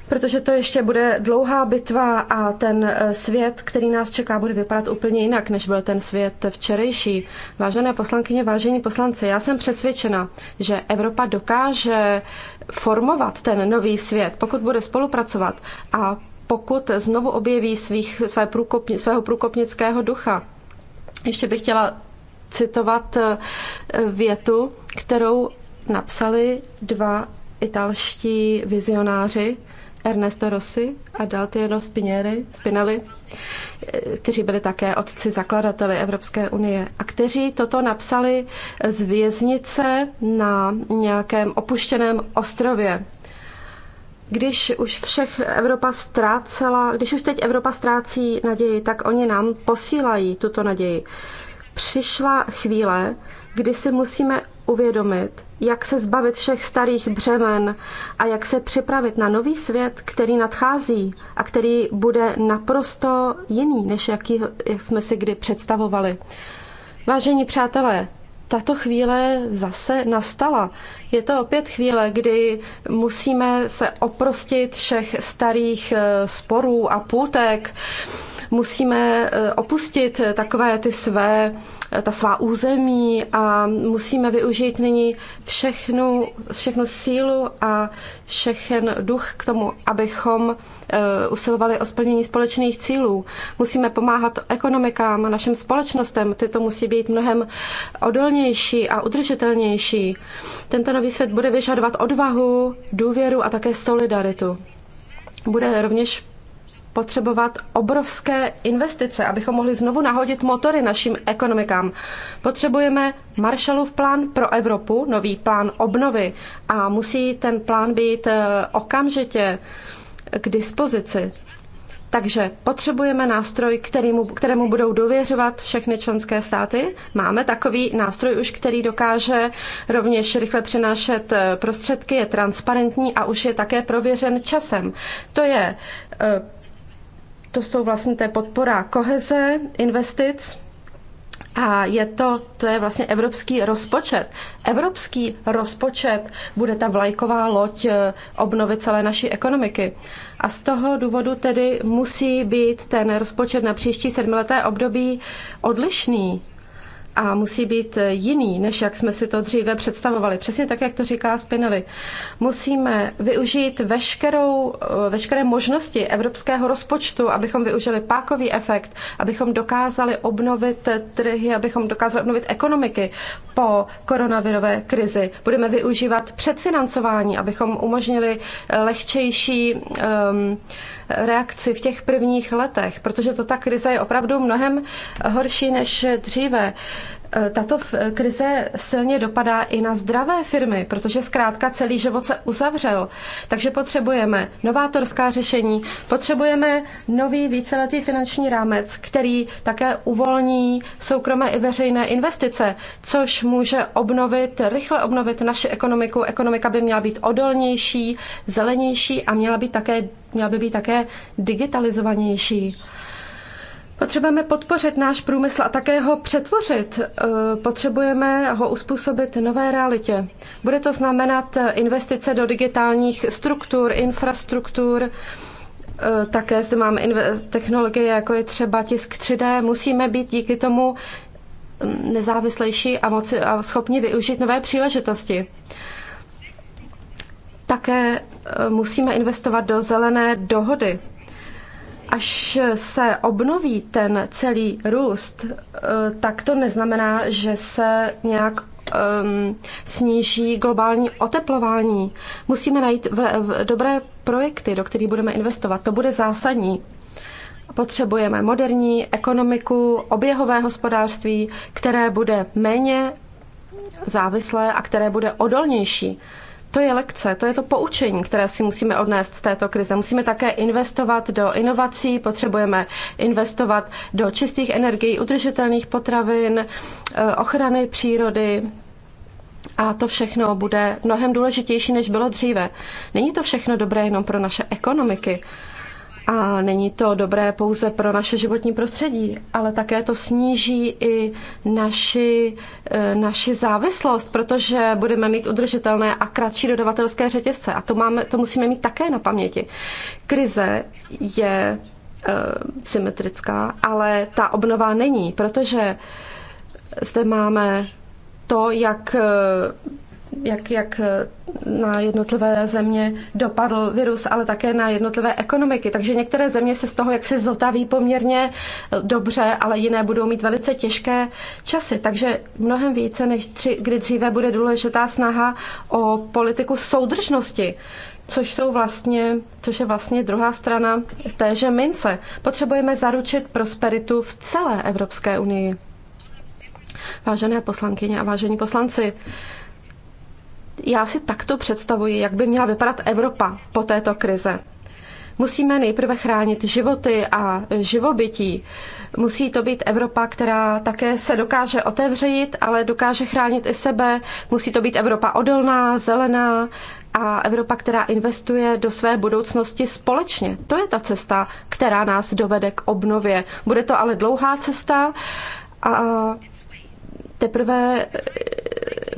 Speaker 3: protože to ještě bude dlouhá bitva a ten eh, svět, který nás čeká, bude vypadat úplně jinak, než byl ten svět včerejší. Vážené poslankyně, vážení poslanci, já jsem přesvědčena, že Evropa dokáže formovat ten nový svět, pokud bude spolupracovat a pokud znovu objeví svých, své průkopni, svého průkopnického ducha. Ještě bych chtěla citovat eh, větu, kterou napsali dva italští vizionáři, Ernesto Rossi a Daltiero Spinieri, Spinelli, kteří byli také otci zakladateli Evropské unie a kteří toto napsali z věznice na nějakém opuštěném ostrově. Když už všech Evropa ztrácela, když už teď Evropa ztrácí naději, tak oni nám posílají tuto naději. Přišla chvíle, kdy si musíme uvědomit, jak se zbavit všech starých břemen a jak se připravit na nový svět, který nadchází a který bude naprosto jiný, než jaký jak jsme si kdy představovali. Vážení přátelé, tato chvíle zase nastala. Je to opět chvíle, kdy musíme se oprostit všech starých eh, sporů a půtek musíme eh, opustit takové ty své, eh, ta svá území a musíme využít nyní všechnu, všechnu sílu a všechen duch k tomu, abychom eh, usilovali o splnění společných cílů. Musíme pomáhat ekonomikám a našim společnostem. Tyto musí být mnohem odolnější a udržitelnější. Tento nový svět bude vyžadovat odvahu, důvěru a také solidaritu. Bude rovněž potřebovat obrovské investice, abychom mohli znovu nahodit motory našim ekonomikám. Potřebujeme Marshallův plán pro Evropu, nový plán obnovy a musí ten plán být eh, okamžitě k dispozici. Takže potřebujeme nástroj, kterému, kterému budou dověřovat všechny členské státy. Máme takový nástroj už, který dokáže rovněž rychle přenášet eh, prostředky, je transparentní a už je také prověřen časem. To je eh, to jsou vlastně té podpora koheze, investic a je to, to je vlastně evropský rozpočet. Evropský rozpočet bude ta vlajková loď eh, obnovy celé naší ekonomiky. A z toho důvodu tedy musí být ten rozpočet na příští sedmileté období odlišný a musí být jiný, než jak jsme si to dříve představovali. Přesně tak, jak to říká Spinelli. Musíme využít veškerou, eh, veškeré možnosti evropského rozpočtu, abychom využili pákový efekt, abychom dokázali obnovit trhy, abychom dokázali obnovit ekonomiky po koronavirové krizi. Budeme využívat předfinancování, abychom umožnili eh, lehčejší um, reakci v těch prvních letech, protože to ta krize je opravdu mnohem horší než dříve. E, tato krize silně dopadá i na zdravé firmy, protože zkrátka celý život se uzavřel. Takže potřebujeme novátorská řešení, potřebujeme nový víceletý finanční rámec, který také uvolní soukromé i veřejné investice, což může obnovit, rychle obnovit naši ekonomiku. Ekonomika by měla být odolnější, zelenější a měla být také měla by být také digitalizovanější. Potřebujeme podpořit náš průmysl a také ho přetvořit. E, potřebujeme ho uspůsobit nové realitě. Bude to znamenat e, investice do digitálních struktur, infrastruktur, e, také zde mám technologie, jako je třeba tisk 3D. Musíme být díky tomu mm, nezávislejší a, moci, a schopni využít nové příležitosti. Také e, musíme investovat do zelené dohody. Až se obnoví ten celý růst, e, tak to neznamená, že se nějak um, sníží globální oteplování. Musíme najít v, v dobré projekty, do kterých budeme investovat. To bude zásadní. Potřebujeme moderní ekonomiku, oběhové hospodářství, které bude méně závislé a které bude odolnější. To je lekce, to je to poučení, které si musíme odnést z této krize. Musíme také investovat do inovací, potřebujeme investovat do čistých energií, udržitelných potravin, eh, ochrany přírody. A to všechno bude mnohem důležitější, než bylo dříve. Není to všechno dobré jenom pro naše ekonomiky, a není to dobré pouze pro naše životní prostředí, ale také to sníží i naši, e, naši závislost, protože budeme mít udržitelné a kratší dodavatelské řetězce. A to, máme, to musíme mít také na paměti. Krize je e, symetrická, ale ta obnova není, protože zde máme to, jak e, jak, jak eh, na jednotlivé země dopadl virus, ale také na jednotlivé ekonomiky. Takže některé země se z toho jaksi zotaví poměrně eh, dobře, ale jiné budou mít velice těžké časy. Takže mnohem více než tři, kdy dříve bude důležitá snaha o politiku soudržnosti, což, jsou vlastně, což je vlastně druhá strana téže mince. Potřebujeme zaručit prosperitu v celé Evropské unii. Vážené poslankyně a vážení poslanci, já si takto představuji, jak by měla vypadat Evropa po této krize. Musíme nejprve chránit životy a živobytí. Musí to být Evropa, která také se dokáže otevřít, ale dokáže chránit i sebe. Musí to být Evropa odolná, zelená a Evropa, která investuje do své budoucnosti společně. To je ta cesta, která nás dovede k obnově. Bude to ale dlouhá cesta a teprve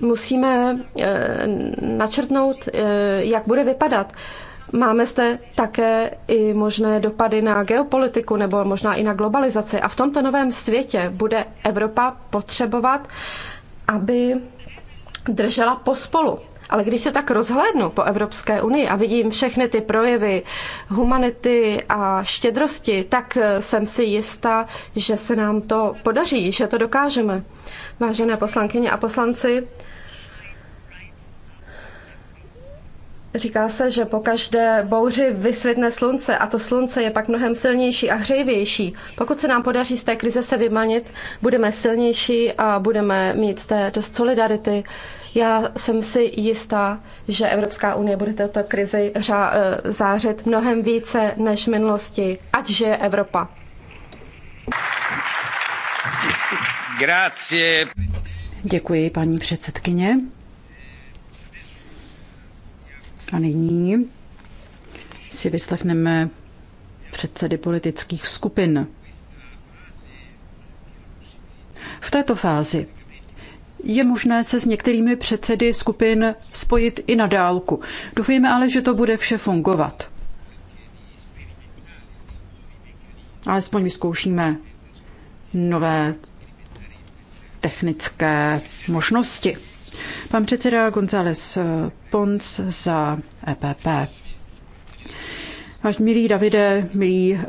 Speaker 3: musíme eh, načrtnout, eh, jak bude vypadat. Máme zde také i možné dopady na geopolitiku nebo možná i na globalizaci. A v tomto novém světě bude Evropa potřebovat, aby držela pospolu. Ale když se tak rozhlédnu po Evropské unii a vidím všechny ty projevy humanity a štědrosti, tak eh, jsem si jistá, že se nám to podaří, že to dokážeme. Vážené poslankyně a poslanci, Říká se, že po každé bouři vysvětne slunce a to slunce je pak mnohem silnější a hřejivější. Pokud se nám podaří z té krize se vymanit, budeme silnější a budeme mít z té dost solidarity. Já jsem si jistá, že Evropská unie bude této krizi řá, eh, zářit mnohem více než v minulosti. Ať žije Evropa.
Speaker 1: Děkuji, paní předsedkyně. A nyní si vyslechneme předsedy politických skupin. V této fázi je možné se s některými předsedy skupin spojit i na dálku. Doufejme ale, že to bude vše fungovat. Alespoň vyzkoušíme nové technické možnosti. Pan předseda González eh, Pons za EPP. Váš milý Davide, milý eh,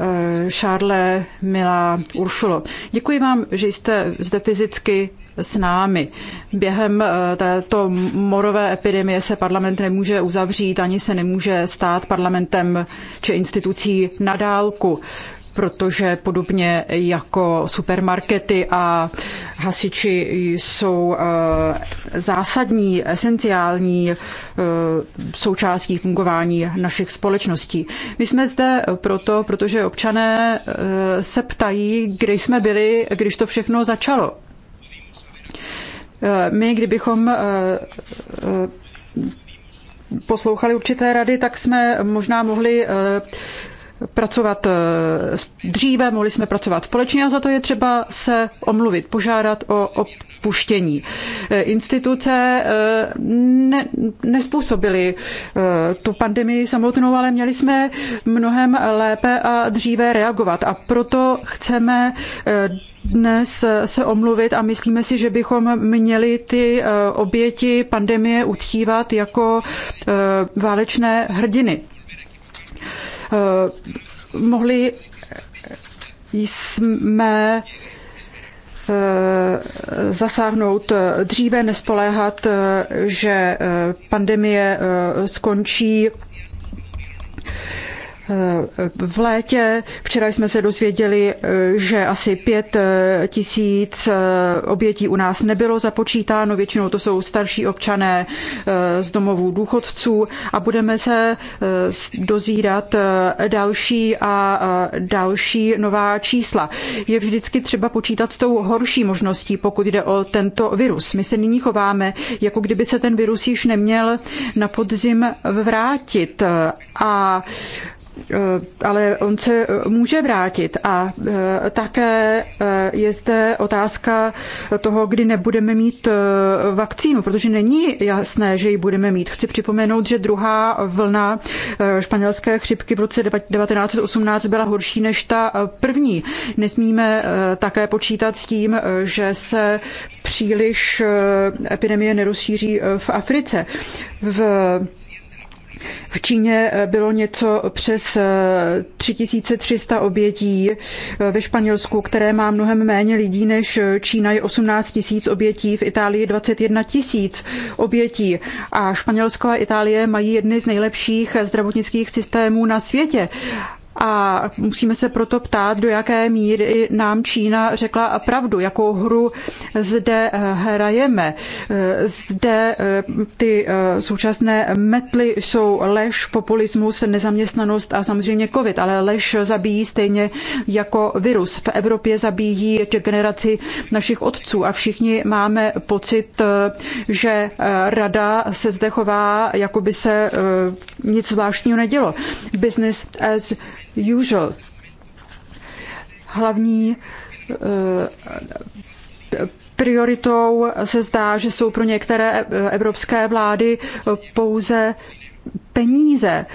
Speaker 1: Šárle, milá Uršulo, děkuji vám, že jste zde fyzicky s námi. Během eh, této morové epidemie se parlament nemůže uzavřít, ani se nemůže stát parlamentem či institucí na dálku protože podobně jako supermarkety a hasiči jsou eh, zásadní, esenciální eh, součástí fungování našich společností. My jsme zde proto, protože občané eh, se ptají, kde jsme byli, když to všechno začalo. My, kdybychom poslouchali určité rady, tak jsme možná mohli pracovat eh, dříve, mohli jsme pracovat společně a za to je třeba se omluvit, požádat o, opuštění. Eh, instituce eh, ne, nespůsobily tu pandemii samotnou, ale měli jsme mnohem lépe a dříve reagovat. A proto chceme dnes se omluvit a myslíme si, že bychom měli ty oběti pandemie uctívat jako válečné hrdiny. Eh, mohli jsme eh, zasáhnout eh, dříve, nespoléhat, že pandemie skončí Eh, v létě. Včera jsme se dozvěděli, eh, že asi pět eh, tisíc obětí u nás nebylo započítáno, většinou to jsou starší občané z domovů důchodců a budeme se dozvídat další a další nová čísla. Je vždycky třeba počítat s tou horší možností, pokud jde o tento virus. My se nyní chováme, jako kdyby se ten virus již neměl na podzim vrátit a Eh, ale on se eh, může vrátit a eh, také je zde otázka toho, kdy nebudeme mít vakcínu, protože není jasné, že ji budeme mít. Chci připomenout, že druhá vlna španělské chřipky v roce 1918 byla horší než ta první. Nesmíme také počítat s tím, že se příliš epidemie nerozšíří v Africe. V v Číně eh, bylo něco přes 3300 eh, obětí, eh, ve Španělsku, které má mnohem méně lidí než Čína, je 18 tisíc obětí, v Itálii 21 tisíc obětí. A Španělsko a Itálie mají jedny z nejlepších zdravotnických systémů na světě. A musíme se proto ptát, do jaké míry nám Čína řekla pravdu, jakou hru zde eh, hrajeme. Eh, zde eh, ty současné metly jsou lež, populismus, nezaměstnanost a samozřejmě covid, ale lež zabíjí stejně jako virus. V Evropě zabíjí generaci našich otců a všichni máme pocit, že rada se zde chová, jako by se nic zvláštního nedělo. Business as usual. Hlavní eh, prioritou se zdá, že jsou pro některé eh, evropské vlády pouze peníze.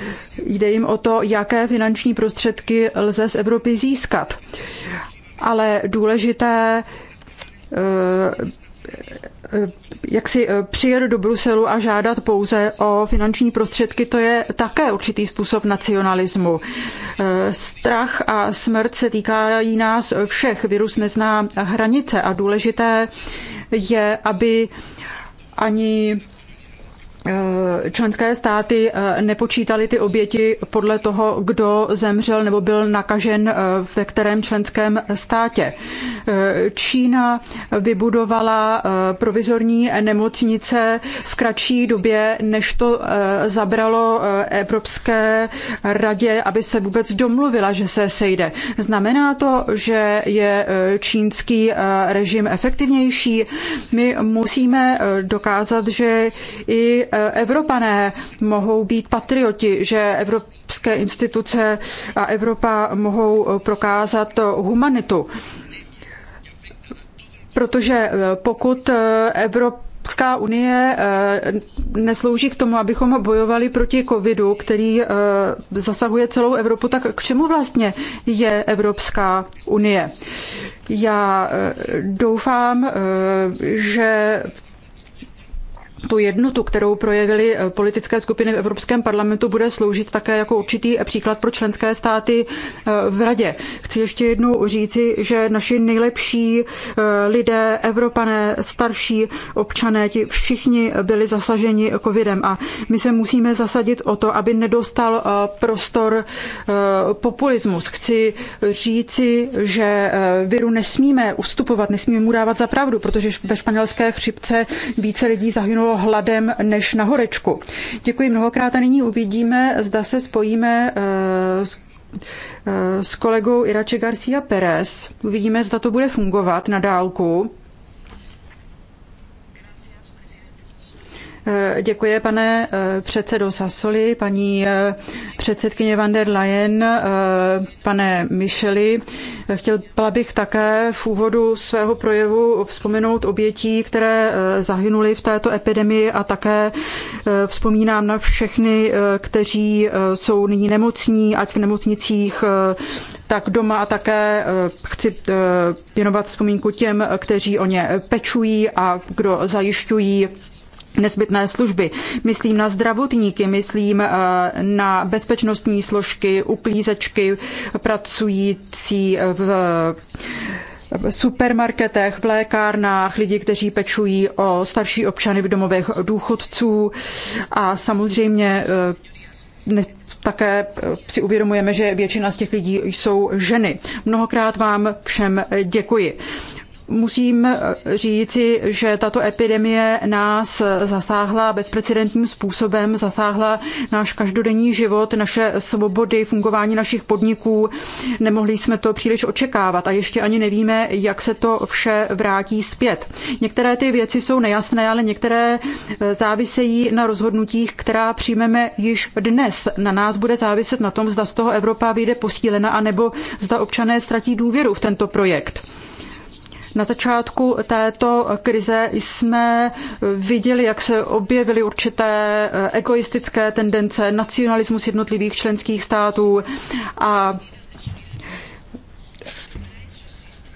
Speaker 1: Jde jim o to, jaké finanční prostředky lze z Evropy získat. Ale důležité eh, jak si e, přijet do Bruselu a žádat pouze o finanční prostředky, to je také určitý způsob nacionalismu. E, strach a smrt se týkají nás všech. Virus nezná hranice a důležité je, aby ani Eh, členské státy eh, nepočítaly ty oběti podle toho, kdo zemřel nebo byl nakažen eh, ve kterém členském státě. Čína vybudovala provizorní nemocnice v kratší době, než to zabralo Evropské radě, aby se vůbec domluvila, že se sejde. Znamená to, že je čínský režim efektivnější? My musíme dokázat, že i Evropané mohou být patrioti, že evropské instituce a Evropa mohou prokázat humanitu. Protože pokud Evropa Evropská unie eh, neslouží k tomu, abychom bojovali proti covidu, který eh, zasahuje celou Evropu, tak k čemu vlastně je Evropská unie? Já eh, doufám, že tu jednotu, kterou projevily eh, politické skupiny v Evropském parlamentu, bude sloužit také jako určitý příklad pro členské státy eh, v radě. Chci ještě jednou říci, že naši nejlepší eh, lidé, Evropané, starší občané, ti všichni byli zasaženi covidem a my se musíme zasadit o to, aby nedostal prostor populismus. Chci říci, že viru nesmíme ustupovat, nesmíme mu dávat za pravdu, protože ve španělské chřipce více lidí zahynulo umřelo hladem než na horečku. Děkuji mnohokrát a nyní uvidíme, zda se spojíme eh, s eh, s kolegou Irače Garcia Perez. Uvidíme, zda to bude fungovat na dálku. Eh, děkuji, pane eh, předsedo Sasoli, paní eh, předsedkyně van der Leyen, pane Micheli. Chtěla bych také v úvodu svého projevu vzpomenout obětí, které zahynuly v této epidemii a také vzpomínám na všechny, kteří jsou nyní nemocní, ať v nemocnicích, tak doma a také chci věnovat vzpomínku těm, kteří o ně pečují a kdo zajišťují nezbytné služby. Myslím na zdravotníky, myslím eh, na bezpečnostní složky, uklízečky pracující v supermarketech, v lékárnách, lidi, kteří pečují o starší občany v domovech důchodců a samozřejmě eh, ne, také eh, si uvědomujeme, že většina z těch lidí jsou ženy. Mnohokrát vám všem děkuji. Musím říci, že tato epidemie nás zasáhla bezprecedentním způsobem, zasáhla náš každodenní život, naše svobody, fungování našich podniků. Nemohli jsme to příliš očekávat a ještě ani nevíme, jak se to vše vrátí zpět. Některé ty věci jsou nejasné, ale některé eh, závisejí na rozhodnutích, která přijmeme již dnes. Na nás bude záviset na tom, zda z toho Evropa vyjde posílena, anebo zda občané ztratí důvěru v tento projekt. Na začátku této krize jsme viděli, jak se objevily určité eh, egoistické tendence, nacionalismus jednotlivých členských států a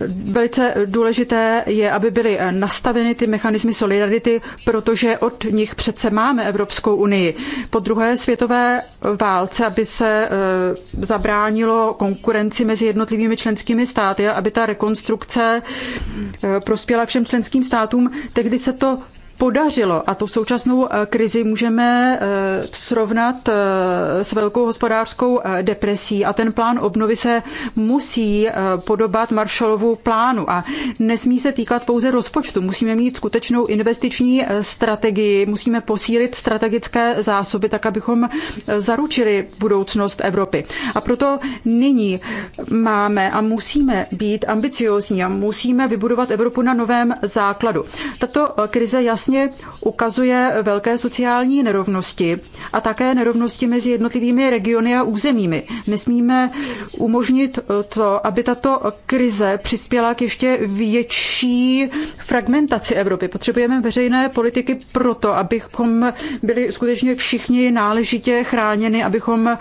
Speaker 1: Velice důležité je, aby byly nastaveny ty mechanismy solidarity, protože od nich přece máme Evropskou unii. Po druhé světové válce, aby se eh, zabránilo konkurenci mezi jednotlivými členskými státy a aby ta rekonstrukce eh, prospěla všem členským státům, tehdy se to podařilo a tu současnou eh, krizi můžeme eh, srovnat eh, s velkou hospodářskou depresí a ten plán obnovy se musí podobat Marshallovu plánu a nesmí se týkat pouze rozpočtu. Musíme mít skutečnou investiční strategii, musíme posílit strategické zásoby tak, abychom zaručili budoucnost Evropy. A proto nyní máme a musíme být ambiciózní a musíme vybudovat Evropu na novém základu. Tato krize jasně vlastně ukazuje velké sociální nerovnosti a také nerovnosti mezi jednotlivými regiony a územími. Nesmíme umožnit to, aby tato krize přispěla k ještě větší fragmentaci Evropy. Potřebujeme veřejné politiky proto, abychom byli skutečně všichni náležitě chráněni, abychom eh,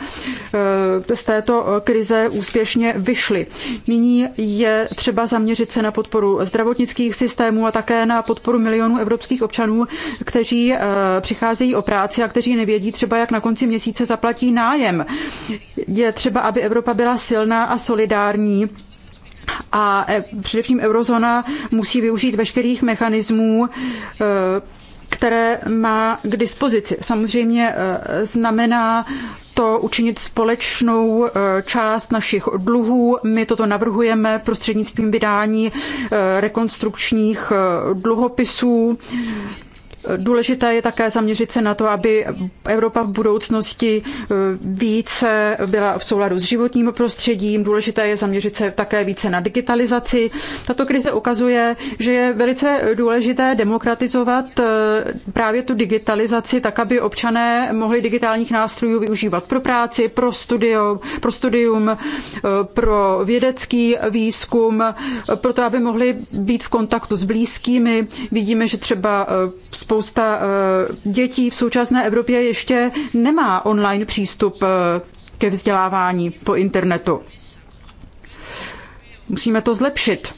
Speaker 1: z této krize úspěšně vyšli. Nyní je třeba zaměřit se na podporu zdravotnických systémů a také na podporu milionů evropských občanů občanů, kteří eh, přicházejí o práci a kteří nevědí třeba, jak na konci měsíce zaplatí nájem. Je třeba, aby Evropa byla silná a solidární. A eh, především eurozóna musí využít veškerých mechanismů eh, které má k dispozici. Samozřejmě eh, znamená to učinit společnou eh, část našich dluhů. My toto navrhujeme prostřednictvím vydání eh, rekonstrukčních dluhopisů. Důležité je také zaměřit se na to, aby Evropa v budoucnosti eh, více byla v souladu s životním prostředím. Důležité je zaměřit se také více na digitalizaci. Tato krize ukazuje, že je velice důležité demokratizovat eh, právě tu digitalizaci, tak aby občané mohli digitálních nástrojů využívat pro práci, pro, studio, pro studium, eh, pro vědecký výzkum, proto aby mohli být v kontaktu s blízkými. Vidíme, že třeba spousta eh, dětí v současné Evropě ještě nemá online přístup eh, ke vzdělávání po internetu. Musíme to zlepšit.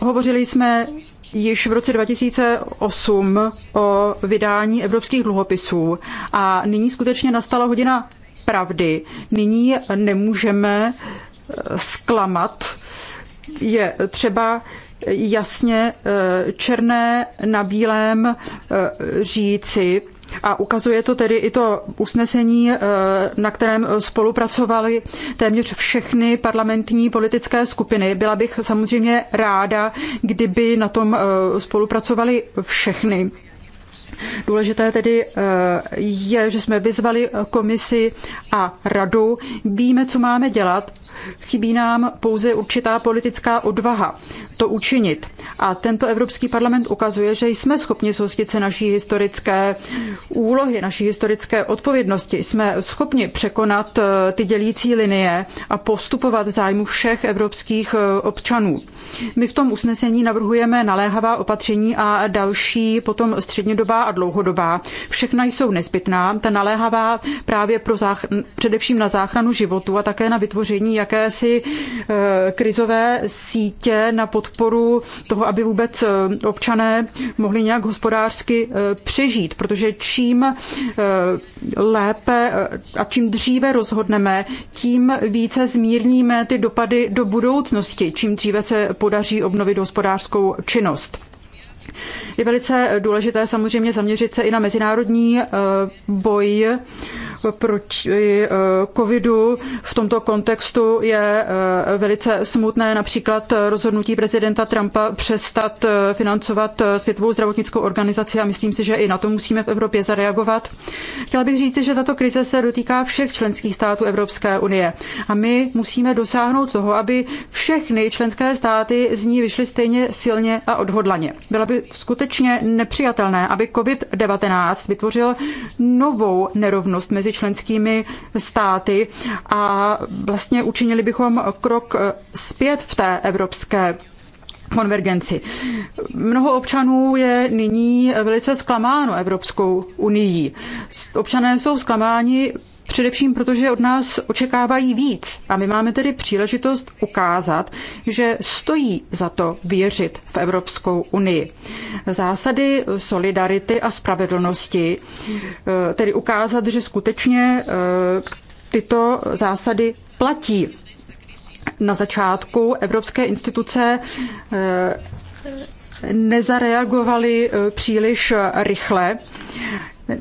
Speaker 1: Hovořili jsme již v roce 2008 o vydání evropských dluhopisů a nyní skutečně nastala hodina pravdy. Nyní nemůžeme eh, zklamat. Je třeba jasně eh, černé na bílém eh, říci, a ukazuje to tedy i to usnesení, eh, na kterém spolupracovali téměř všechny parlamentní politické skupiny. Byla bych samozřejmě ráda, kdyby na tom spolupracovali všechny. Důležité tedy eh, je, že jsme vyzvali komisi a radu. Víme, co máme dělat. Chybí nám pouze určitá politická odvaha to učinit. A tento Evropský parlament ukazuje, že jsme schopni soustit se naší historické úlohy, naší historické odpovědnosti. Jsme schopni překonat eh, ty dělící linie a postupovat v zájmu všech evropských eh, občanů. My v tom usnesení navrhujeme naléhavá opatření a další potom střednědobá krátkodobá a dlouhodobá. Všechna jsou nezbytná, ta naléhavá právě pro zách- především na záchranu životu a také na vytvoření jakési e, krizové sítě na podporu toho, aby vůbec e, občané mohli nějak hospodářsky e, přežít, protože čím lépe a čím dříve rozhodneme, tím více zmírníme ty dopady do budoucnosti, čím dříve se podaří obnovit hospodářskou činnost. Je velice důležité samozřejmě zaměřit se i na mezinárodní eh, boj proti eh, covidu v tomto kontextu je eh, velice smutné například rozhodnutí prezidenta Trumpa přestat eh, financovat Světovou zdravotnickou organizaci a myslím si, že i na to musíme v Evropě zareagovat. Chtěla bych říci, že tato krize se dotýká všech členských států Evropské unie a my musíme dosáhnout toho, aby všechny členské státy z ní vyšly stejně silně a odhodlaně. Bylo by skutečně nepřijatelné, aby COVID-19 vytvořil novou nerovnost mezi mezi členskými státy a vlastně učinili bychom krok eh, zpět v té evropské konvergenci. Mnoho občanů je nyní velice zklamáno Evropskou unii. Občané jsou zklamáni Především protože od nás očekávají víc a my máme tedy příležitost ukázat, že stojí za to věřit v Evropskou unii. Zásady solidarity a spravedlnosti, eh, tedy ukázat, že skutečně eh, tyto zásady platí. Na začátku evropské instituce eh, nezareagovaly příliš rychle.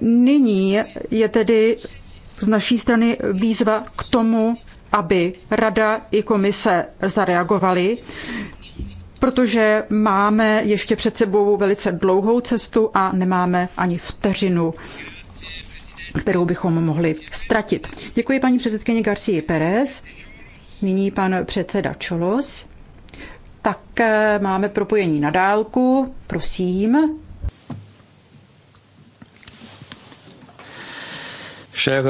Speaker 1: Nyní je tedy z naší strany výzva k tomu, aby Rada i komise zareagovaly, protože máme ještě před sebou velice dlouhou cestu a nemáme ani vteřinu kterou bychom mohli ztratit. Děkuji paní předsedkyni Garcii Perez. Nyní pan předseda Čolos. Tak máme propojení na dálku. Prosím. Cher